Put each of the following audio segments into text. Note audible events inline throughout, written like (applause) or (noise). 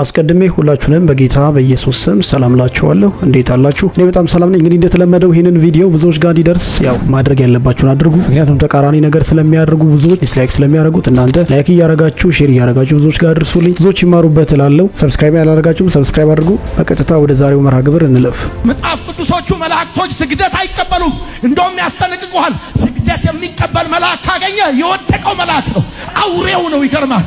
አስቀድሜ ሁላችሁንም በጌታ በኢየሱስ ስም ሰላም ላችኋለሁ። እንዴት አላችሁ? እኔ በጣም ሰላም ነኝ። እንግዲህ እንደተለመደው ይህንን ቪዲዮ ብዙዎች ጋር እንዲደርስ ያው ማድረግ ያለባችሁን አድርጉ። ምክንያቱም ተቃራኒ ነገር ስለሚያደርጉ ብዙዎች ዲስላይክ ስለሚያደርጉት እናንተ ላይክ እያረጋችሁ ሼር እያረጋችሁ ብዙዎች ጋር ድርሱልኝ፣ ብዙዎች ይማሩበት እላለሁ። ሰብስክራይብ ያላረጋችሁም ሰብስክራይብ አድርጉ። በቀጥታ ወደ ዛሬው መርሃ ግብር እንለፍ። መጽሐፍ ቅዱሶቹ መላእክቶች ስግደት አይቀበሉም፣ እንደውም ያስጠነቅቁሃል። ስግደት የሚቀበል መልአክ ካገኘ የወደቀው መልአክ ነው፣ አውሬው ነው። ይገርማል።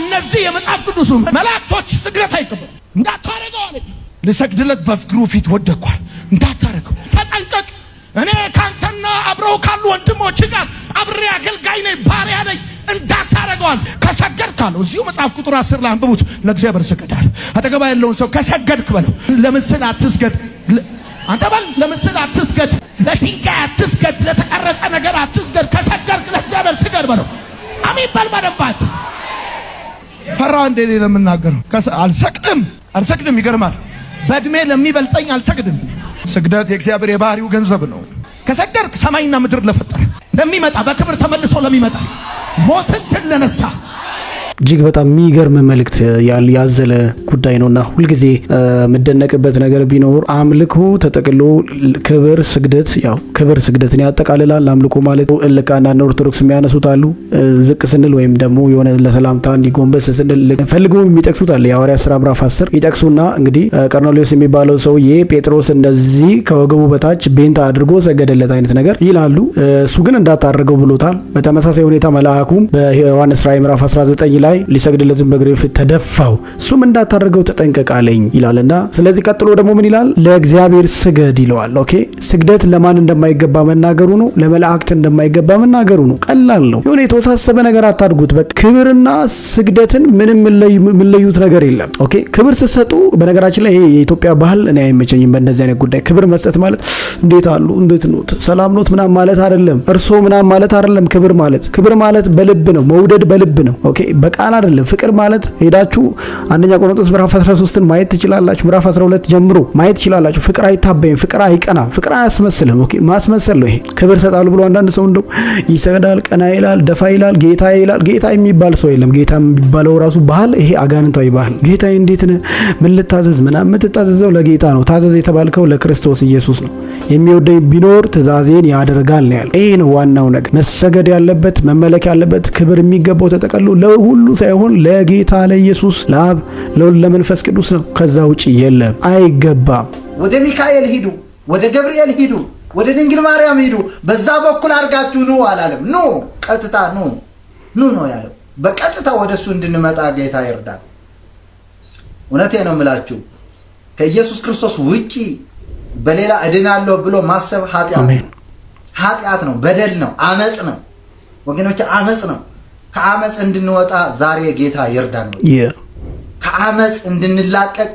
እነዚህ የመጽሐፍ ቅዱሱ መላእክቶች ስግደት አይቀበል እንዳታረገው አለ። ልሰግድለት በፍቅሩ ፊት ወደኳል። እንዳታረገው ተጠንቀቅ። እኔ ካንተና አብረው ካሉ ወንድሞች ጋር አብሬ አገልጋይ ነኝ፣ ባሪያ ነኝ። እንዳታረገዋል ከሰገድክ አለው። እዚሁ መጽሐፍ ቁጥር አስር ላይ አንብቡት። ለእግዚአብሔር ስገዳል። አጠገባ ያለውን ሰው ከሰገድክ በለው። ለምስል አትስገድ አንተ ባል ለምስል አትስገድ፣ ለድንጋይ አትስገድ፣ ለተቀረጸ ነገር አትስገድ። ከሰገድክ ለእግዚአብሔር ስገድ በለው። አሜን በል በደንብ ፈራ እንደ እኔ ነው የምናገረው። አልሰግድም አልሰግድም። ይገርማል። በእድሜ ለሚበልጠኝ አልሰግድም። ስግደት የእግዚአብሔር የባህሪው ገንዘብ ነው። ከሰገድክ ሰማይና ምድር ለፈጠረ ለሚመጣ በክብር ተመልሶ ለሚመጣ ሞትን ድል ለነሳ እጅግ በጣም የሚገርም መልእክት ያዘለ ጉዳይ ነውና ሁልጊዜ የምደነቅበት ነገር ቢኖር አምልኮ ተጠቅሎ ክብር ስግደት፣ ያው ክብር ስግደትን ያጠቃልላል። አምልኮ ማለት ልክ አንዳንድ ኦርቶዶክስ የሚያነሱት አሉ። ዝቅ ስንል ወይም ደግሞ የሆነ ለሰላምታ እንዲጎንበስ ስንል ፈልገው የሚጠቅሱት አለ። የሐዋርያት ሥራ ምዕራፍ ይጠቅሱና እንግዲህ ቀርኔሌዎስ የሚባለው ሰውዬ ጴጥሮስ እንደዚህ ከወገቡ በታች ቤንታ አድርጎ ሰገደለት አይነት ነገር ይላሉ። እሱ ግን እንዳታደርገው ብሎታል። በተመሳሳይ ሁኔታ መልአኩም በዮሐንስ ራእይ ምዕራፍ 19 ይላል ላይ ሊሰግድለትን በእግሬ ፊት ተደፋው፣ እሱም እንዳታደርገው ተጠንቀቅ አለኝ ይላልና፣ ስለዚህ ቀጥሎ ደግሞ ምን ይላል? ለእግዚአብሔር ስገድ ይለዋል። ኦኬ ስግደት ለማን እንደማይገባ መናገሩ ነው። ለመላእክት እንደማይገባ መናገሩ ነው። ቀላል ነው። የሆነ የተወሳሰበ ነገር አታድርጉት። በቃ ክብርና ስግደትን ምንም የምንለዩት ነገር የለም። ኦኬ ክብር ስትሰጡ፣ በነገራችን ላይ የኢትዮጵያ ባህል እኔ አይመቸኝም። በእንደዚህ አይነት ጉዳይ ክብር መስጠት ማለት እንዴት አሉ፣ እንዴት ኖት፣ ሰላም ኖት ምናም ማለት አይደለም። እርሶ ምናም ማለት አይደለም። ክብር ማለት ክብር ማለት በልብ ነው። መውደድ በልብ ነው። ኦኬ በቃ ቃል አይደለም። ፍቅር ማለት ሄዳችሁ አንደኛ ቆሮንቶስ ምዕራፍ 13ን ማየት ትችላላችሁ። ምዕራፍ 12 ጀምሮ ማየት ትችላላችሁ። ፍቅር አይታበይም፣ ፍቅር አይቀናም፣ ፍቅር አያስመስልም። ኦኬ ማስመሰል ነው ይሄ። ክብር ሰጣሉ ብሎ አንዳንድ ሰው እንደው ይሰግዳል፣ ቀና ይላል፣ ደፋ ይላል፣ ጌታ ይላል። ጌታ የሚባል ሰው የለም። ጌታ የሚባለው ራሱ ባህል ይሄ አጋንንታዊ ባህል። ጌታ እንዴት ነህ፣ ምን ልታዘዝ ምናምን፣ የምትታዘዘው ለጌታ ነው። ታዘዝ የተባልከው ለክርስቶስ ኢየሱስ ነው። የሚወደኝ ቢኖር ትእዛዜን ያደርጋል ነው ይሄ ነው ዋናው ነገር መሰገድ ያለበት መመለክ ያለበት ክብር የሚገባው ተጠቀሉ ለሁሉ ሳይሆን ለጌታ ለኢየሱስ ለአብ ለወልድ ለመንፈስ ቅዱስ ነው። ከዛ ውጭ የለም፣ አይገባም። ወደ ሚካኤል ሂዱ፣ ወደ ገብርኤል ሂዱ፣ ወደ ድንግል ማርያም ሂዱ፣ በዛ በኩል አድርጋችሁ ኑ አላለም። ኑ ቀጥታ ኑ ኑ ነው ያለው። በቀጥታ ወደ እሱ እንድንመጣ ጌታ ይርዳል። እውነቴ ነው የምላችሁ ከኢየሱስ ክርስቶስ ውጪ በሌላ እድናለሁ ብሎ ማሰብ ኃጢአት ኃጢአት ነው፣ በደል ነው፣ አመፅ ነው። ወገኖች አመፅ ነው። ከአመፅ እንድንወጣ ዛሬ ጌታ ይርዳን ወገኖች። ከአመፅ እንድንላቀቅ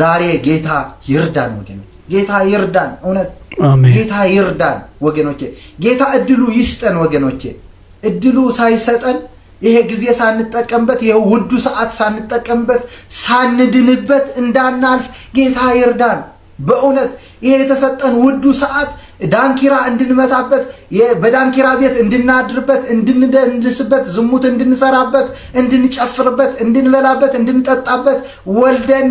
ዛሬ ጌታ ይርዳን ወገኖች። ጌታ ይርዳን፣ እውነት ጌታ ይርዳን ወገኖቼ። ጌታ እድሉ ይስጠን ወገኖቼ። እድሉ ሳይሰጠን ይሄ ጊዜ ሳንጠቀምበት ይሄ ውዱ ሰዓት ሳንጠቀምበት ሳንድንበት እንዳናልፍ ጌታ ይርዳን። በእውነት ይሄ የተሰጠን ውዱ ሰዓት ዳንኪራ እንድንመታበት በዳንኪራ ቤት እንድናድርበት እንድንደንስበት ዝሙት እንድንሰራበት እንድንጨፍርበት እንድንበላበት እንድንጠጣበት ወልደን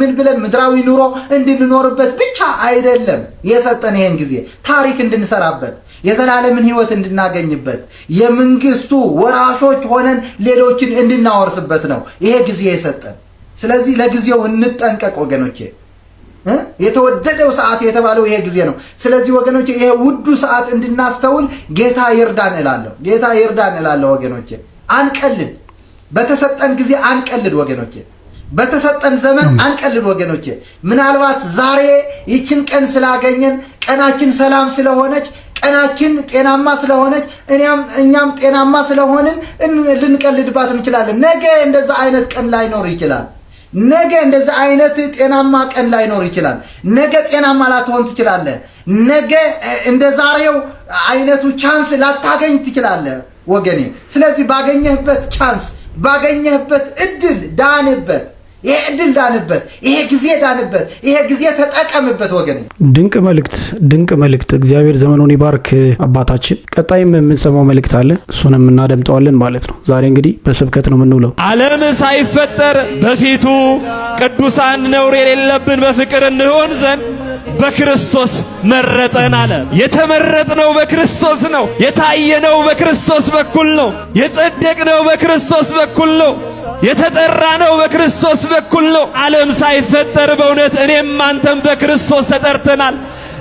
ምን ብለን ምድራዊ ኑሮ እንድንኖርበት ብቻ አይደለም የሰጠን ይህን ጊዜ ታሪክ እንድንሰራበት የዘላለምን ህይወት እንድናገኝበት የመንግስቱ ወራሾች ሆነን ሌሎችን እንድናወርስበት ነው ይሄ ጊዜ የሰጠን። ስለዚህ ለጊዜው እንጠንቀቅ ወገኖቼ። የተወደደው ሰዓት የተባለው ይሄ ጊዜ ነው። ስለዚህ ወገኖች ይሄ ውዱ ሰዓት እንድናስተውል ጌታ ይርዳን እላለሁ። ጌታ ይርዳን እላለሁ ወገኖቼ። አንቀልድ፣ በተሰጠን ጊዜ አንቀልድ ወገኖቼ በተሰጠን ዘመን አንቀልድ ወገኖቼ። ምናልባት ዛሬ ይችን ቀን ስላገኘን ቀናችን ሰላም ስለሆነች ቀናችን ጤናማ ስለሆነች እኛም ጤናማ ስለሆንን ልንቀልድባት እንችላለን። ነገ እንደዛ አይነት ቀን ላይኖር ይችላል። ነገ እንደዚህ አይነት ጤናማ ቀን ላይኖር ይችላል። ነገ ጤናማ ላትሆን ትችላለህ። ነገ እንደ ዛሬው አይነቱ ቻንስ ላታገኝ ትችላለህ ወገኔ። ስለዚህ ባገኘህበት ቻንስ ባገኘህበት እድል ዳንበት። ይሄ እድል ዳንበት፣ ይሄ ጊዜ ዳንበት፣ ይሄ ጊዜ ተጠቀምበት። ወገን ድንቅ መልእክት፣ ድንቅ መልእክት። እግዚአብሔር ዘመኑን ይባርክ አባታችን። ቀጣይም የምንሰማው መልእክት አለ፣ እሱንም እናደምጠዋለን ማለት ነው። ዛሬ እንግዲህ በስብከት ነው የምንውለው። ዓለም ሳይፈጠር በፊቱ ቅዱሳን ነውር የሌለብን በፍቅር እንሆን ዘንድ በክርስቶስ መረጠን አለ። የተመረጥነው በክርስቶስ ነው። የታየነው በክርስቶስ በኩል ነው። የጸደቅነው በክርስቶስ በኩል ነው። የተጠራ ነው በክርስቶስ በኩል ነው። ዓለም ሳይፈጠር በእውነት እኔም አንተም በክርስቶስ ተጠርተናል።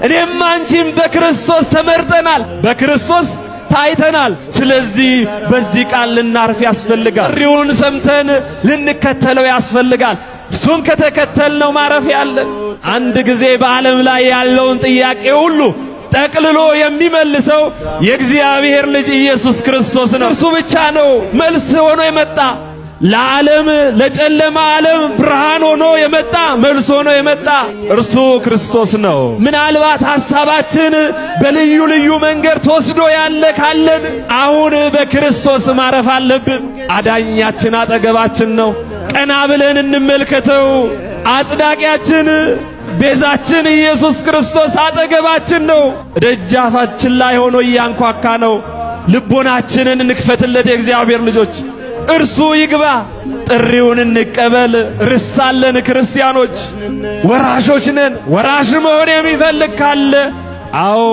እኔም አንቺም በክርስቶስ ተመርጠናል። በክርስቶስ ታይተናል። ስለዚህ በዚህ ቃል ልናርፍ ያስፈልጋል። ጥሪውን ሰምተን ልንከተለው ያስፈልጋል። እሱን ከተከተልነው ማረፍ ያለን አንድ ጊዜ በዓለም ላይ ያለውን ጥያቄ ሁሉ ጠቅልሎ የሚመልሰው የእግዚአብሔር ልጅ ኢየሱስ ክርስቶስ ነው። እርሱ ብቻ ነው መልስ ሆኖ የመጣ ለዓለም ለጨለማ ዓለም ብርሃን ሆኖ የመጣ መልስ ሆኖ የመጣ እርሱ ክርስቶስ ነው። ምናልባት ሐሳባችን በልዩ ልዩ መንገድ ተወስዶ ያለ ካለን አሁን በክርስቶስ ማረፍ አለብን። አዳኛችን አጠገባችን ነው። ቀና ብለን እንመልከተው። አጽዳቂያችን ቤዛችን ኢየሱስ ክርስቶስ አጠገባችን ነው። ደጃፋችን ላይ ሆኖ እያንኳኳ ነው። ልቦናችንን እንክፈትለት የእግዚአብሔር ልጆች እርሱ ይግባ። ጥሪውን እንቀበል። ርስታለን ክርስቲያኖች ወራሾች ነን። ወራሽ መሆን የሚፈልግ ካለ አዎ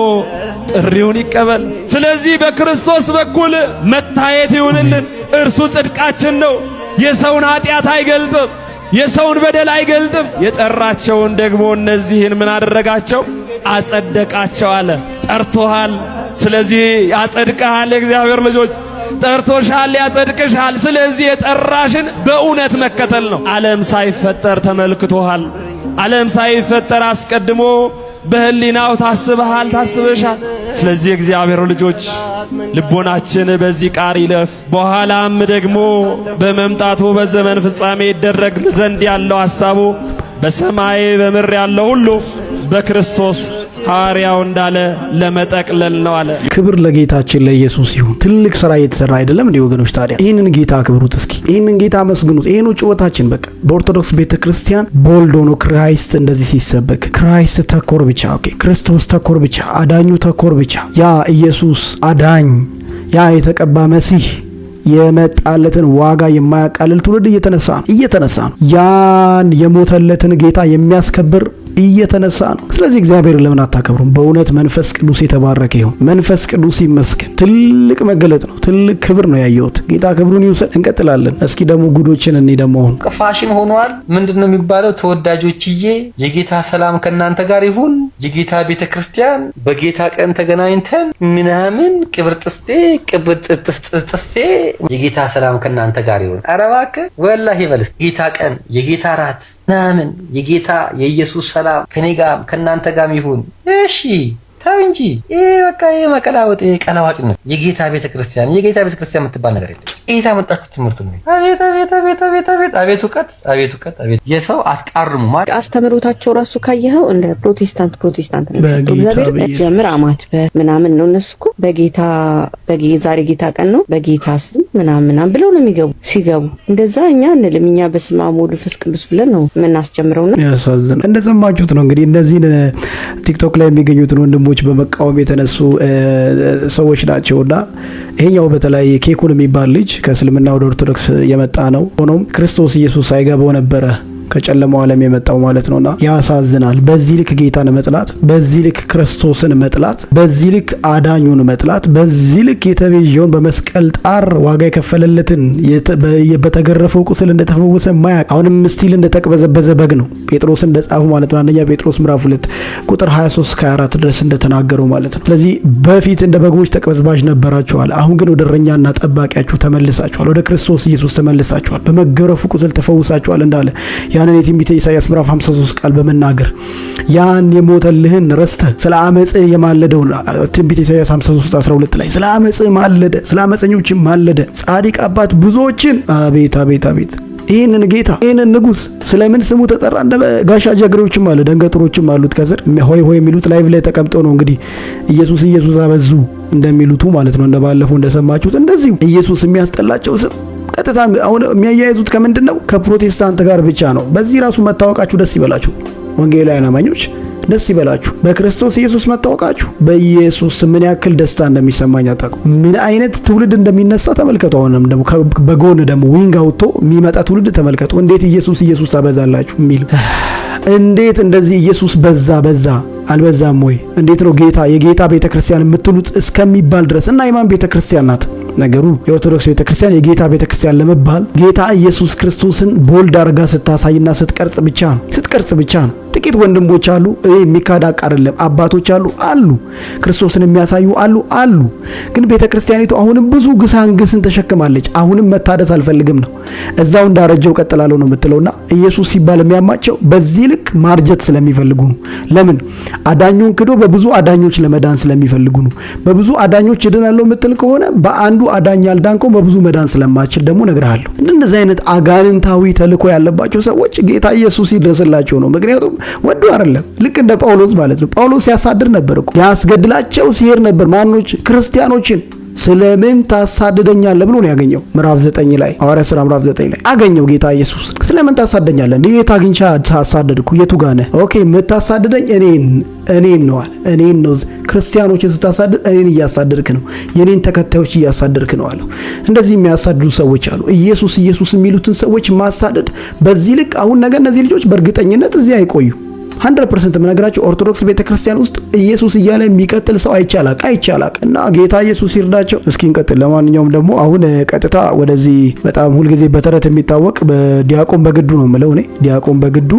ጥሪውን ይቀበል። ስለዚህ በክርስቶስ በኩል መታየት ይሁንልን። እርሱ ጽድቃችን ነው። የሰውን ኃጢአት አይገልጥም። የሰውን በደል አይገልጥም። የጠራቸውን ደግሞ እነዚህን ምን አደረጋቸው? አጸደቃቸው አለ። ጠርቶሃል። ስለዚህ ያጸድቀሃል። እግዚአብሔር ልጆች ጠርቶሻል፣ ያጸድቅሻል። ስለዚህ የጠራሽን በእውነት መከተል ነው። ዓለም ሳይፈጠር ተመልክቶሃል። ዓለም ሳይፈጠር አስቀድሞ በህሊናው ታስበሃል፣ ታስበሻል። ስለዚህ እግዚአብሔር ልጆች ልቦናችን በዚህ ቃል ይለፍ። በኋላም ደግሞ በመምጣቱ በዘመን ፍጻሜ ይደረግ ዘንድ ያለው ሐሳቡ በሰማይ በምር ያለው ሁሉ በክርስቶስ ሐዋርያው እንዳለ ለመጠቅለል ነው አለ። ክብር ለጌታችን ለኢየሱስ ይሁን። ትልቅ ስራ እየተሰራ አይደለም እንዲህ ወገኖች? ታዲያ ይህንን ጌታ አክብሩት፣ እስኪ ይህንን ጌታ አመስግኑት። ይህኑ ጩኸታችን በቃ በኦርቶዶክስ ቤተ ክርስቲያን ቦልድ ሆኖ ክራይስት እንደዚህ ሲሰበክ ክራይስት ተኮር ብቻ፣ ኦኬ ክርስቶስ ተኮር ብቻ፣ አዳኙ ተኮር ብቻ፣ ያ ኢየሱስ አዳኝ፣ ያ የተቀባ መሲህ የመጣለትን ዋጋ የማያቃልል ትውልድ እየተነሳ ነው እየተነሳ ነው ያን የሞተለትን ጌታ የሚያስከብር እየተነሳ ነው። ስለዚህ እግዚአብሔር ለምን አታከብሩም? በእውነት መንፈስ ቅዱስ የተባረከ ይሁን። መንፈስ ቅዱስ ይመስገን። ትልቅ መገለጥ ነው። ትልቅ ክብር ነው ያየሁት። ጌታ ክብሩን ይውሰድ። እንቀጥላለን። እስኪ ደግሞ ጉዶችን እኔ ደግሞ አሁን ቅፋሽን ሆኗል። ምንድን ነው የሚባለው? ተወዳጆችዬ የጌታ ሰላም ከእናንተ ጋር ይሁን። የጌታ ቤተ ክርስቲያን በጌታ ቀን ተገናኝተን ምናምን ቅብርጥስቴ ቅብርጥስቴ የጌታ ሰላም ከእናንተ ጋር ይሁን። ኧረ እባክህ ወላሂ በልስ ጌታ ቀን የጌታ ራት ምናምን የጌታ የኢየሱስ ሰላም ከኔ ጋር ከእናንተ ጋም ይሁን። እሺ ተው እንጂ ይህ በቃ ይህ መቀላወጥ ቀላዋጭነት የጌታ ቤተክርስቲያን የጌታ ቤተክርስቲያን የምትባል ነገር የለም። ይሄ አመጣችሁ ትምህርት ነው። አቤት አቤት አቤት አቤት አቤት አቤት እውቀት አቤት እውቀት አቤት የሰው አትቃርሙ ማለት አስተምሮታቸው ራሱ ካየኸው እንደ ፕሮቴስታንት ፕሮቴስታንት ነው። እግዚአብሔር ጀምር አማት ምናምን ነው እነሱ እኮ በጌታ ዛሬ ጌታ ቀን ነው በጌታ ስም ምናምን ምናምን ብለው ነው የሚገቡ ሲገቡ እንደዛ እኛ እንልም እኛ በስመ አብ ወወልድ ወመንፈስ ቅዱስ ብለን ነው የምናስጀምረው። ነው ያሳዝነው። እንደሰማችሁት ነው እንግዲህ እነዚህን ቲክቶክ ላይ የሚገኙትን ወንድሞች በመቃወም የተነሱ ሰዎች ናቸው እና ይሄኛው በተለይ ኬኩን የሚባል ልጅ ከእስልምና ወደ ኦርቶዶክስ የመጣ ነው። ሆኖም ክርስቶስ ኢየሱስ አይገባው ነበረ ከጨለማው ዓለም የመጣው ማለት ነውና ያሳዝናል። በዚህ ልክ ጌታን መጥላት፣ በዚህ ልክ ክርስቶስን መጥላት፣ በዚህ ልክ አዳኙን መጥላት፣ በዚህ ልክ የተቤዠውን በመስቀል ጣር ዋጋ የከፈለለትን በተገረፈው ቁስል እንደተፈወሰ ማያቅ አሁንም ስቲል እንደተቅበዘበዘ በግ ነው ጴጥሮስ እንደጻፉ ማለት ነው። አንደኛ ጴጥሮስ ምዕራፍ 2 ቁጥር 23 ከ24 ድረስ እንደተናገረው ማለት ነው። ስለዚህ በፊት እንደ በጎች ተቅበዝባዥ ነበራችኋል። አሁን ግን ወደ እረኛና ጠባቂያችሁ ተመልሳችኋል። ወደ ክርስቶስ ኢየሱስ ተመልሳችኋል። በመገረፉ ቁስል ተፈውሳችኋል እንዳለ ያንን የትንቢተ ኢሳይያስ ምዕራፍ 53 ቃል በመናገር ያን የሞተልህን ረስተህ ስለ አመጽህ የማለደውን ትንቢተ ኢሳይያስ 53 12 ላይ ስለ አመፅህ ማለደ፣ ስለ አመፀኞችም ማለደ ጻድቅ አባት ብዙዎችን። አቤት አቤት አቤት! ይህንን ጌታ ይህንን ንጉስ ስለምን ስሙ ተጠራ? እንደ ጋሻ ጃግሬዎችም አሉ ደንገጥሮችም አሉት። ከስር ሆይ ሆይ የሚሉት ላይቭ ላይ ተቀምጠው ነው እንግዲህ ኢየሱስ ኢየሱስ አበዙ እንደሚሉቱ ማለት ነው። እንደባለፈው እንደሰማችሁት እንደዚሁ ኢየሱስ የሚያስጠላቸው ስም ቀጥታ አሁን የሚያያይዙት ከምንድን ነው? ከፕሮቴስታንት ጋር ብቻ ነው። በዚህ ራሱ መታወቃችሁ ደስ ይበላችሁ ወንጌላውያን አማኞች ደስ ይበላችሁ። በክርስቶስ ኢየሱስ መታወቃችሁ በኢየሱስ ምን ያክል ደስታ እንደሚሰማኝ አታውቁ። ምን አይነት ትውልድ እንደሚነሳ ተመልከቱ። አሁንም ደግሞ በጎን ደግሞ ዊንግ አውቶ የሚመጣ ትውልድ ተመልከቱ። እንዴት ኢየሱስ ኢየሱስ ታበዛላችሁ የሚል (sighs) እንዴት እንደዚህ ኢየሱስ በዛ በዛ አልበዛም ወይ? እንዴት ነው ጌታ የጌታ ቤተክርስቲያን የምትሉት እስከሚባል ድረስ እና የማን ቤተክርስቲያን ናት? ነገሩ የኦርቶዶክስ ቤተክርስቲያን የጌታ ቤተክርስቲያን ለመባል ጌታ ኢየሱስ ክርስቶስን ቦልድ አድርጋ ስታሳይና ስትቀርጽ ብቻ ነው ስትቀርጽ ብቻ ነው ጥቂት ወንድሞች አሉ። እኔ የሚካድ አይደለም። አባቶች አሉ አሉ፣ ክርስቶስን የሚያሳዩ አሉ አሉ። ግን ቤተ ክርስቲያኒቱ አሁንም ብዙ ግስን ተሸክማለች። አሁንም መታደስ አልፈልግም ነው፣ እዛው እንዳረጀው ቀጥላለሁ ነው የምትለውና ኢየሱስ ሲባል የሚያማቸው በዚህ ልክ ማርጀት ስለሚፈልጉ ነው። ለምን አዳኙን ክዶ በብዙ አዳኞች ለመዳን ስለሚፈልጉ ነው። በብዙ አዳኞች እድናለሁ የምትል ከሆነ በአንዱ አዳኝ አልዳንከው በብዙ መዳን ስለማችል ደግሞ እነግርሃለሁ። እንደዚህ አይነት አጋንንታዊ ተልእኮ ያለባቸው ሰዎች ጌታ ኢየሱስ ይድረስላቸው ነው። ምክንያቱም ወዶ አይደለም። ልክ እንደ ጳውሎስ ማለት ነው። ጳውሎስ ሲያሳድር ነበር እኮ፣ ያስገድላቸው ሲሄድ ነበር ማኖች ክርስቲያኖችን ስለምን ታሳድደኛለህ ብሎ ነው ያገኘው። ምዕራፍ 9 ላይ ሐዋርያ ሥራ ምዕራፍ 9 ላይ አገኘው ጌታ ኢየሱስ። ስለምን ታሳደኛለህ? የት አግኝቼ አሳደድኩ? የቱ ጋር ነህ? ኦኬ የምታሳድደኝ እኔን እኔን ነው አለ። እኔን ነው ክርስቲያኖችን ስታሳድድ እኔን እያሳደድክ ነው፣ የኔን ተከታዮች እያሳደድክ ነው አለው። እንደዚህ የሚያሳድዱ ሰዎች አሉ። ኢየሱስ ኢየሱስ የሚሉትን ሰዎች ማሳደድ በዚህ ልክ አሁን ነገ እነዚህ ልጆች በእርግጠኝነት እዚህ አይቆዩ ሀንድረድ ፐርሰንት ኦርቶዶክስ ቤተክርስቲያን ውስጥ ኢየሱስ እያለ የሚቀጥል ሰው አይቻላቅ አይቻላቅ እና ጌታ ኢየሱስ ይርዳቸው። እስኪ እንቀጥል። ለማንኛውም ደግሞ አሁን ቀጥታ ወደዚህ በጣም ሁልጊዜ በተረት የሚታወቅ ዲያቆን በግዱ ነው የምለው እኔ ዲያቆን በግዱ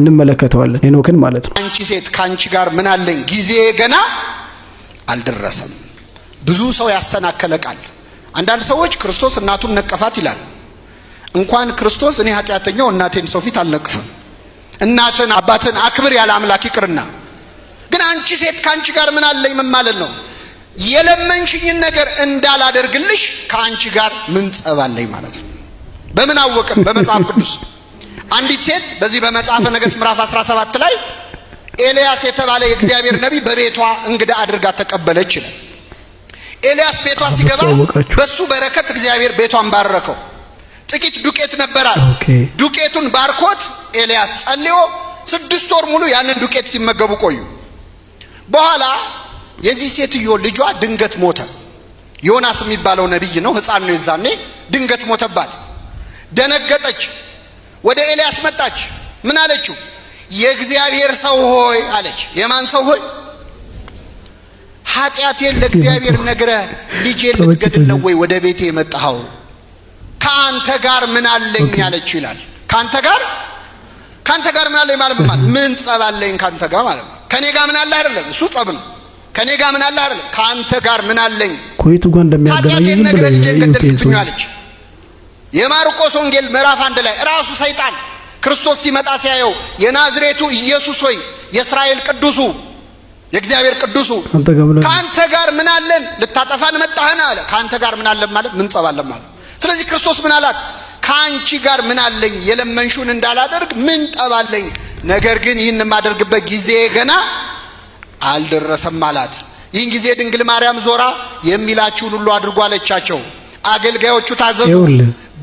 እንመለከተዋለን። ሄኖክን ማለት ነው። አንቺ ሴት ከአንቺ ጋር ምን አለኝ? ጊዜ ገና አልደረሰም። ብዙ ሰው ያሰናከለ ቃል። አንዳንድ ሰዎች ክርስቶስ እናቱን ነቀፋት ይላል። እንኳን ክርስቶስ እኔ ኃጢአተኛው እናቴን ሰው ፊት አልነቅፍም እናትን አባትን አክብር ያለ አምላክ ይቅርና ግን አንቺ ሴት ከአንቺ ጋር ምን አለኝ ምን ማለት ነው? የለመንሽኝን ነገር እንዳላደርግልሽ ከአንቺ ጋር ምን ጸብ አለኝ ማለት ነው። በምን አወቅን? በመጽሐፍ ቅዱስ አንዲት ሴት በዚህ በመጽሐፈ ነገሥት ምዕራፍ 17 ላይ ኤልያስ የተባለ የእግዚአብሔር ነቢይ በቤቷ እንግዳ አድርጋ ተቀበለች ነው። ኤልያስ ቤቷ ሲገባ በሱ በረከት እግዚአብሔር ቤቷን ባረከው። ጥቂት ዱቄት ነበራት። ዱቄቱን ባርኮት ኤልያስ ጸልዮ ስድስት ወር ሙሉ ያንን ዱቄት ሲመገቡ ቆዩ። በኋላ የዚህ ሴትዮ ልጇ ድንገት ሞተ። ዮናስ የሚባለው ነቢይ ነው፣ ሕፃን ነው የዛኔ። ድንገት ሞተባት፣ ደነገጠች። ወደ ኤልያስ መጣች። ምን አለችው? የእግዚአብሔር ሰው ሆይ አለች። የማን ሰው ሆይ? ኃጢአቴን ለእግዚአብሔር ነግረ ልጄን ልትገድል ነው ወይ ወደ ቤቴ የመጣኸው? ከአንተ ጋር ምን አለኝ አለችው ይላል። ከአንተ ጋር ካንተ ጋር ምን አለኝ ማለት ምን ጸብ አለኝ ካንተ ጋር ማለት ነው። ከኔ ጋር ምን አለ አይደለም፣ እሱ ጸብ ነው። ከኔ ጋር ምን አለ አይደለም፣ ካንተ ጋር ምን አለኝ። ኮይቱ ጋር እንደሚያገናኝ ዝም ብለህ የማርቆስ ወንጌል ምዕራፍ አንድ ላይ ራሱ ሰይጣን ክርስቶስ ሲመጣ ሲያየው የናዝሬቱ ኢየሱስ ሆይ የእስራኤል ቅዱሱ የእግዚአብሔር ቅዱሱ ከአንተ ጋር ምን አለን? ልታጠፋን መጣህን አለ። ከአንተ ጋር ምን አለን ማለት ምን ጸብ አለን ማለት። ስለዚህ ክርስቶስ ምን አላት? ከአንቺ ጋር ምን አለኝ የለመንሹን እንዳላደርግ ምን ጠባለኝ? ነገር ግን ይህን የማደርግበት ጊዜ ገና አልደረሰም አላት። ይህን ጊዜ ድንግል ማርያም ዞራ የሚላችሁን ሁሉ አድርጎ አለቻቸው። አገልጋዮቹ ታዘዙ።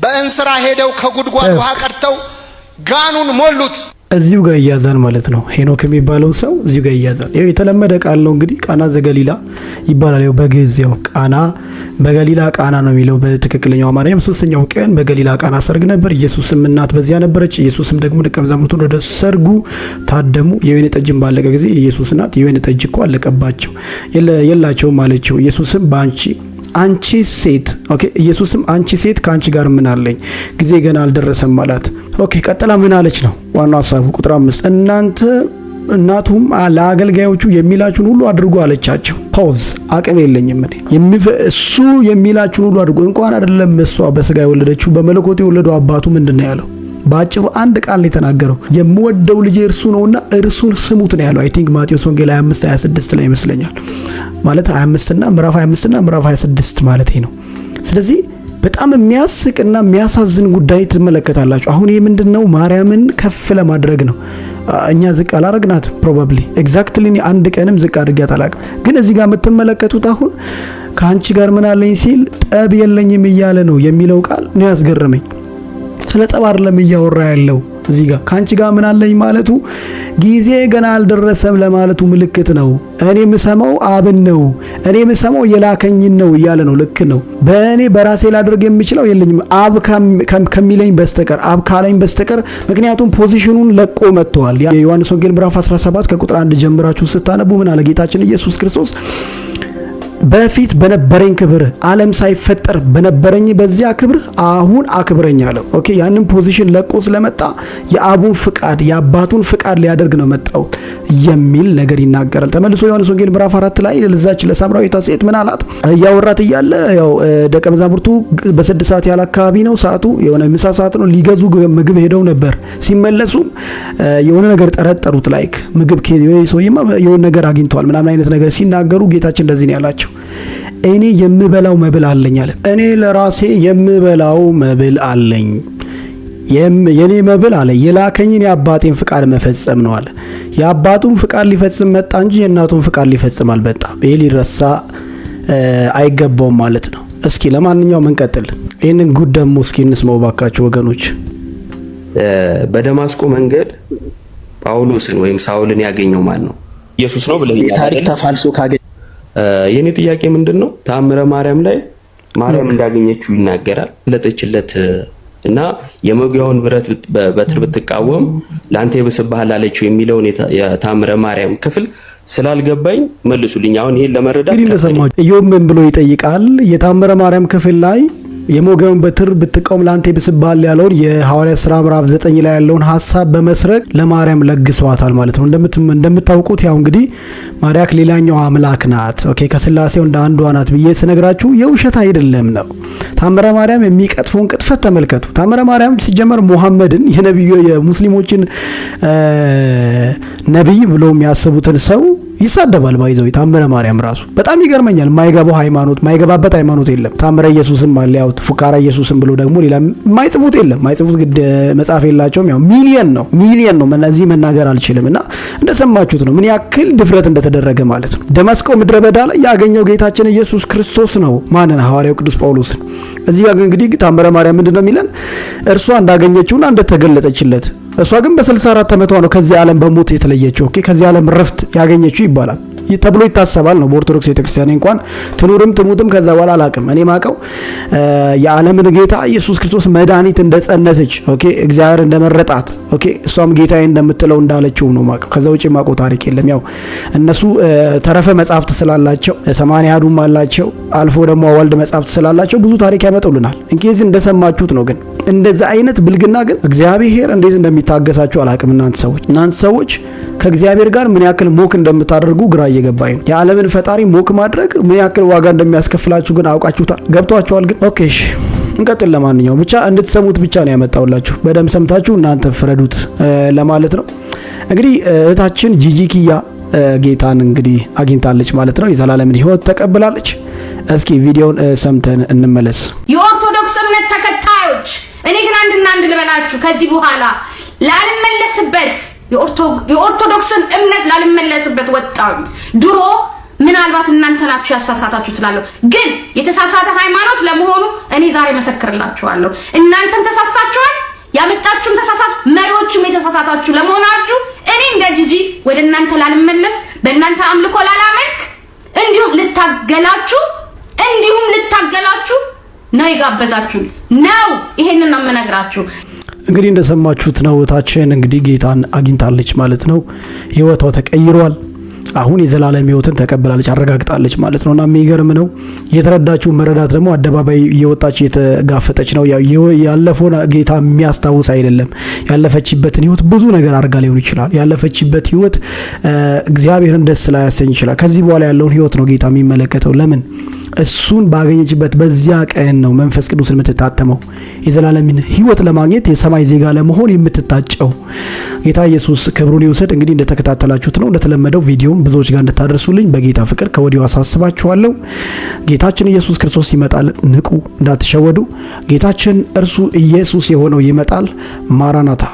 በእንስራ ሄደው ከጉድጓድ ውሃ ቀድተው ጋኑን ሞሉት። እዚሁ ጋር ይያዛል ማለት ነው። ሄኖክ የሚባለው ሰው እዚሁ ጋር ይያዛል። ይኸው የተለመደ ቃል ነው እንግዲህ ቃና ዘገሊላ ይባላል። ይኸው በግዕዝ ያው ቃና በገሊላ ቃና ነው የሚለው በትክክለኛው አማርኛም ሶስተኛው ቀን በገሊላ ቃና ሰርግ ነበር። ኢየሱስም እናት በዚያ ነበረች። ኢየሱስም ደግሞ ደቀ መዛሙርቱን ወደ ሰርጉ ታደሙ። የወይን ጠጅም ባለቀ ጊዜ ኢየሱስ እናት የወይን ጠጅ እኮ አለቀባቸው የላቸውም አለችው። ኢየሱስም በአንቺ አንቺ ሴት ኦኬ ኢየሱስም አንቺ ሴት ከአንቺ ጋር ምን አለኝ ጊዜ ገና አልደረሰም አላት። ኦኬ ቀጥላ ምን አለች ነው ዋናው ሐሳቡ ቁጥር አምስት እናንተ እናቱም ለአገልጋዮቹ የሚላችሁን ሁሉ አድርጉ አለቻቸው። ፖዝ አቅም የለኝም እኔ እሱ የሚላችሁን ሁሉ አድርጉ። እንኳን አይደለም እሷ በስጋ የወለደችው በመለኮት የወለደው አባቱ ምንድን ነው ያለው? በአጭሩ አንድ ቃል ነው የተናገረው። የምወደው ልጅ እርሱ ነውና እርሱን ስሙት ነው ያለው። አይ ቲንክ ማቴዎስ ወንጌል 25 26 ላይ ይመስለኛል። ማለት 25 እና ምዕራፍ 25 እና ምዕራፍ 26 ማለት ነው። ስለዚህ በጣም የሚያስቅና የሚያሳዝን ጉዳይ ትመለከታላችሁ። አሁን ይህ ምንድን ነው? ማርያምን ከፍ ለማድረግ ነው። እኛ ዝቅ አላረግናት ፕሮባብሊ ኤግዛክትሊ አንድ ቀንም ዝቅ አድርጊያት አላቅም። ግን እዚህ ጋር የምትመለከቱት አሁን ከአንቺ ጋር ምን አለኝ ሲል ጠብ የለኝም እያለ ነው የሚለው ቃል ነው ያስገረመኝ። ስለ ጠብ አይደለም እያወራ ያለው እዚህ ጋር ከአንቺ ጋር ምን አለኝ ማለቱ ጊዜ ገና አልደረሰም ለማለቱ ምልክት ነው። እኔ የምሰማው አብን ነው፣ እኔ የምሰማው የላከኝን ነው እያለ ነው። ልክ ነው። በእኔ በራሴ ላደርግ የምችለው የለኝም አብ ከሚለኝ በስተቀር አብ ካለኝ በስተቀር ምክንያቱም ፖዚሽኑን ለቆ መጥተዋል። የዮሐንስ ወንጌል ምዕራፍ 17 ከቁጥር 1 ጀምራችሁ ስታነቡ ምን አለ ጌታችን ኢየሱስ ክርስቶስ በፊት በነበረኝ ክብር ዓለም ሳይፈጠር በነበረኝ በዚያ ክብር አሁን አክብረኝ አለው። ኦኬ ያንን ፖዚሽን ለቆ ስለመጣ የአቡን ፍቃድ የአባቱን ፍቃድ ሊያደርግ ነው መጣው የሚል ነገር ይናገራል። ተመልሶ ዮሐንስ ወንጌል ምዕራፍ አራት ላይ ለዛች ለሳምራዊቷ ሴት ምን አላት? እያወራት እያለ ያው ደቀ መዛሙርቱ በስድስት ሰዓት ያህል አካባቢ ነው ሰዓቱ፣ የሆነ ምሳ ሰዓት ነው። ሊገዙ ምግብ ሄደው ነበር። ሲመለሱም የሆነ ነገር ጠረጠሩት። ላይክ ምግብ ሰውዬማ የሆነ ነገር አግኝተዋል ምናምን አይነት ነገር ሲናገሩ ጌታችን እንደዚህ ነው ያላቸው እኔ የምበላው መብል አለኝ አለ። እኔ ለራሴ የምበላው መብል አለኝ። የኔ መብል አለ የላከኝን የአባቴን ፍቃድ መፈጸም ነው አለ። የአባቱን ፍቃድ ሊፈጽም መጣ እንጂ የእናቱን ፍቃድ ሊፈጽም አልመጣም። ይህ ሊረሳ አይገባውም ማለት ነው። እስኪ ለማንኛውም እንቀጥል። ይህንን ጉድ ደግሞ እስኪ እንስማው ባካችሁ ወገኖች። በደማስቆ መንገድ ጳውሎስን ወይም ሳውልን ያገኘው ማን ነው? ኢየሱስ ነው ብለን ታሪክ ተፋልሶ ካገኘ የኔ ጥያቄ ምንድን ነው ተአምረ ማርያም ላይ ማርያም እንዳገኘችው ይናገራል ለጠችለት እና የመግቢያውን ብረት በትር ብትቃወም ለአንተ ይብስብሃል አለችው የሚለውን የታምረ ማርያም ክፍል ስላልገባኝ መልሱልኝ። አሁን ይሄን ለመረዳት እንግዲህ እንደሰማችሁ ኢዮብ ምን ብሎ ይጠይቃል? የታምረ ማርያም ክፍል ላይ የሞገውን በትር ብትቃወም ለአንተ ይብስብሃል ያለውን የሐዋርያ ስራ ምዕራፍ ዘጠኝ ላይ ያለውን ሀሳብ በመስረቅ ለማርያም ለግሰዋታል ማለት ነው። እንደምታውቁት ያው እንግዲህ ማርያክ ሌላኛው አምላክ ናት። ኦኬ ከስላሴው እንደ አንዷ ናት ብዬ ስነግራችሁ የውሸት አይደለም ነው። ታምረ ማርያም የሚቀጥፈውን ቅጥፈት ተመልከቱ። ታምረ ማርያም ሲጀመር ሙሐመድን የነቢዩ የሙስሊሞችን ነቢይ ብሎ የሚያስቡትን ሰው ይሳደባል። ባይዘው ታምረ ማርያም ራሱ በጣም ይገርመኛል። ማይገባው ሃይማኖት ማይገባበት ሃይማኖት የለም። ታምረ ኢየሱስም አለ፣ ያው ፉካራ ኢየሱስም ብሎ ደግሞ ሌላ ማይጽፉት የለም። ማይጽፉት ግድ መጽሐፍ የላቸውም። ያው ሚሊየን ነው ሚሊየን ነው እዚህ መናገር አልችልም። እና እንደሰማችሁት ነው ምን ያክል ድፍረት እንደተደረገ ማለት ነው። ደማስቆ ምድረ በዳ ላይ ያገኘው ጌታችን ኢየሱስ ክርስቶስ ነው ማንን? ሐዋርያው ቅዱስ ጳውሎስን። እዚህ እንግዲህ ታምረ ማርያም ምንድነው የሚለን? እርሷ እንዳገኘችውና እንደተገለጠችለት እሷ ግን በ64 ዓመቷ ነው ከዚህ ዓለም በሞት የተለየችው። ኦኬ ከዚህ ዓለም ረፍት ያገኘችው ይባላል ተብሎ ይታሰባል ነው በኦርቶዶክስ ቤተክርስቲያን። እንኳን ትኑርም ትሙትም ከዛ በኋላ አላቅም። እኔ ማቀው የዓለምን ጌታ ኢየሱስ ክርስቶስ መድኃኒት እንደጸነሰች፣ ኦኬ እግዚአብሔር እንደመረጣት፣ ኦኬ እሷም ጌታዬ እንደምትለው እንዳለችው ነው ማቀው። ከዛ ውጭ ማቀው ታሪክ የለም። ያው እነሱ ተረፈ መጽሐፍት ስላላቸው ሰማንያ አሐዱም አላቸው አልፎ ደግሞ አዋልድ መጻሕፍት ስላላቸው ብዙ ታሪክ ያመጡልናል። እንኬዝ እንደሰማችሁት ነው ግን እንደዛ አይነት ብልግና ግን እግዚአብሔር እንዴት እንደሚታገሳችሁ አላቅም። እናንተ ሰዎች እናንተ ሰዎች ከእግዚአብሔር ጋር ምን ያክል ሞክ እንደምታደርጉ ግራ እየገባኝ ነው። የዓለምን ፈጣሪ ሞክ ማድረግ ምን ያክል ዋጋ እንደሚያስከፍላችሁ ግን አውቃችሁታል። ገብቷችኋል ግን ኦኬሽ እንቀጥል። ለማንኛውም ብቻ እንድትሰሙት ብቻ ነው ያመጣውላችሁ። በደንብ ሰምታችሁ እናንተ ፍረዱት ለማለት ነው። እንግዲህ እህታችን ጂጂ ኪያ ጌታን እንግዲህ አግኝታለች ማለት ነው። የዘላለምን ሕይወት ተቀብላለች። እስኪ ቪዲዮውን ሰምተን እንመለስ። የኦርቶዶክስ እምነት ተከታዮች እኔ ግን አንድና አንድ ልበላችሁ፣ ከዚህ በኋላ ላልመለስበት የኦርቶዶክስን እምነት ላልመለስበት ወጣ ድሮ ምናልባት እናንተ ናችሁ ያሳሳታችሁ ትላለሁ፣ ግን የተሳሳተ ሃይማኖት ለመሆኑ እኔ ዛሬ መሰክርላችኋለሁ። እናንተም ተሳስታችኋል፣ ያመጣችሁም ተሳሳት፣ መሪዎችም የተሳሳታችሁ ለመሆናችሁ እኔ እንደ ጂጂ ወደ እናንተ ላልመለስ፣ በእናንተ አምልኮ ላላመልክ፣ እንዲሁም ልታገላችሁ እንዲሁም ልታገላችሁ ነው የጋበዛችሁን ነው። ይሄንን የምነግራችሁ እንግዲህ እንደሰማችሁት ነው። እህታችን እንግዲህ ጌታን አግኝታለች ማለት ነው። ህይወቷ ተቀይሯል። አሁን የዘላለም ህይወትን ተቀብላለች አረጋግጣለች ማለት ነውና የሚገርም ነው። የተረዳችው መረዳት ደግሞ አደባባይ እየወጣች እየተጋፈጠች ነው። ያለፈውን ጌታ የሚያስታውስ አይደለም። ያለፈችበትን ህይወት ብዙ ነገር አድርጋ ሊሆን ይችላል። ያለፈችበት ህይወት እግዚአብሔርን ደስ ላያሰኝ ይችላል። ከዚህ በኋላ ያለውን ህይወት ነው ጌታ የሚመለከተው። ለምን እሱን ባገኘችበት በዚያ ቀን ነው መንፈስ ቅዱስ የምትታተመው። የዘላለምን ሕይወት ለማግኘት የሰማይ ዜጋ ለመሆን የምትታጨው ጌታ ኢየሱስ ክብሩን ይውሰድ። እንግዲህ እንደተከታተላችሁት ነው። እንደተለመደው ቪዲዮም ብዙዎች ጋር እንድታደርሱልኝ በጌታ ፍቅር ከወዲሁ አሳስባችኋለሁ። ጌታችን ኢየሱስ ክርስቶስ ይመጣል፣ ንቁ፣ እንዳትሸወዱ። ጌታችን እርሱ ኢየሱስ የሆነው ይመጣል። ማራናታ